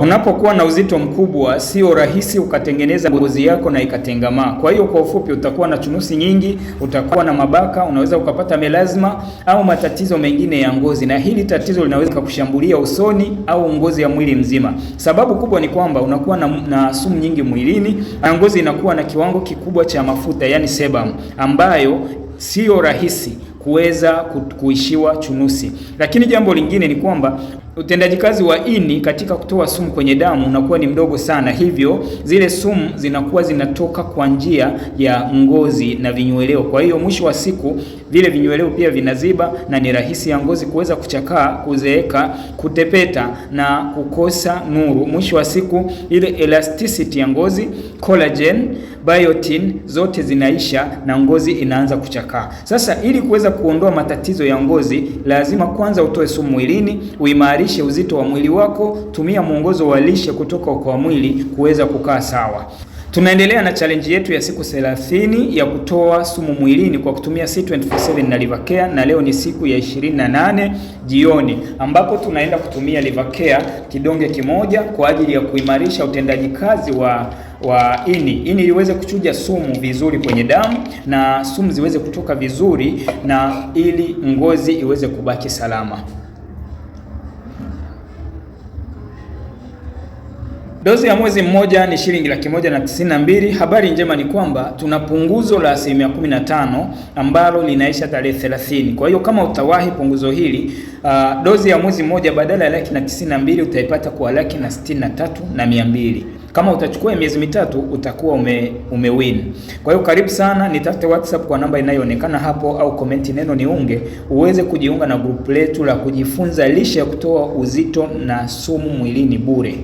Unapokuwa na uzito mkubwa, sio rahisi ukatengeneza ngozi yako na ikatengamaa. Kwa hiyo kwa ufupi, utakuwa na chunusi nyingi, utakuwa na mabaka, unaweza ukapata melazma au matatizo mengine ya ngozi, na hili tatizo linaweza kukushambulia usoni au ngozi ya mwili mzima. Sababu kubwa ni kwamba unakuwa na, na sumu nyingi mwilini na ngozi inakuwa na kiwango kikubwa cha mafuta, yani sebum, ambayo siyo rahisi kuweza kuishiwa chunusi. Lakini jambo lingine ni kwamba utendaji kazi wa ini katika kutoa sumu kwenye damu unakuwa ni mdogo sana, hivyo zile sumu zinakuwa zinatoka kwa njia ya ngozi na vinyweleo. Kwa hiyo mwisho wa siku vile vinyweleo pia vinaziba na ni rahisi ya ngozi kuweza kuchakaa, kuzeeka, kutepeta na kukosa nuru. Mwisho wa siku ile elasticity ya ngozi, collagen, biotin zote zinaisha na ngozi inaanza kuchakaa. Sasa ili kuweza kuondoa matatizo ya ngozi, lazima kwanza utoe sumu mwilini, uimarishe uzito wa mwili wako, tumia mwongozo wa lishe kutoka kwa mwili kuweza kukaa sawa. Tunaendelea na challenge yetu ya siku 30 ya kutoa sumu mwilini kwa kutumia C247 na livakea na leo ni siku ya 28 jioni, ambapo tunaenda kutumia livakea kidonge kimoja kwa ajili ya kuimarisha utendaji kazi wa wa ini, ini liweze kuchuja sumu vizuri kwenye damu na sumu ziweze kutoka vizuri, na ili ngozi iweze kubaki salama. Dozi ya mwezi mmoja ni shilingi laki moja na tisini na mbili. Habari njema ni kwamba tuna punguzo la asilimia 15 ambalo linaisha tarehe 30. Kwa hiyo kama utawahi punguzo hili uh, dozi ya mwezi mmoja badala ya laki na tisini na mbili utaipata kwa laki na sitini na tatu na mia mbili. Kama utachukua miezi mitatu utakuwa ume, umewin. Kwa hiyo karibu sana, nitafute WhatsApp kwa namba inayoonekana hapo au komenti neno niunge uweze kujiunga na grupu letu la kujifunza lishe ya kutoa uzito na sumu mwilini bure.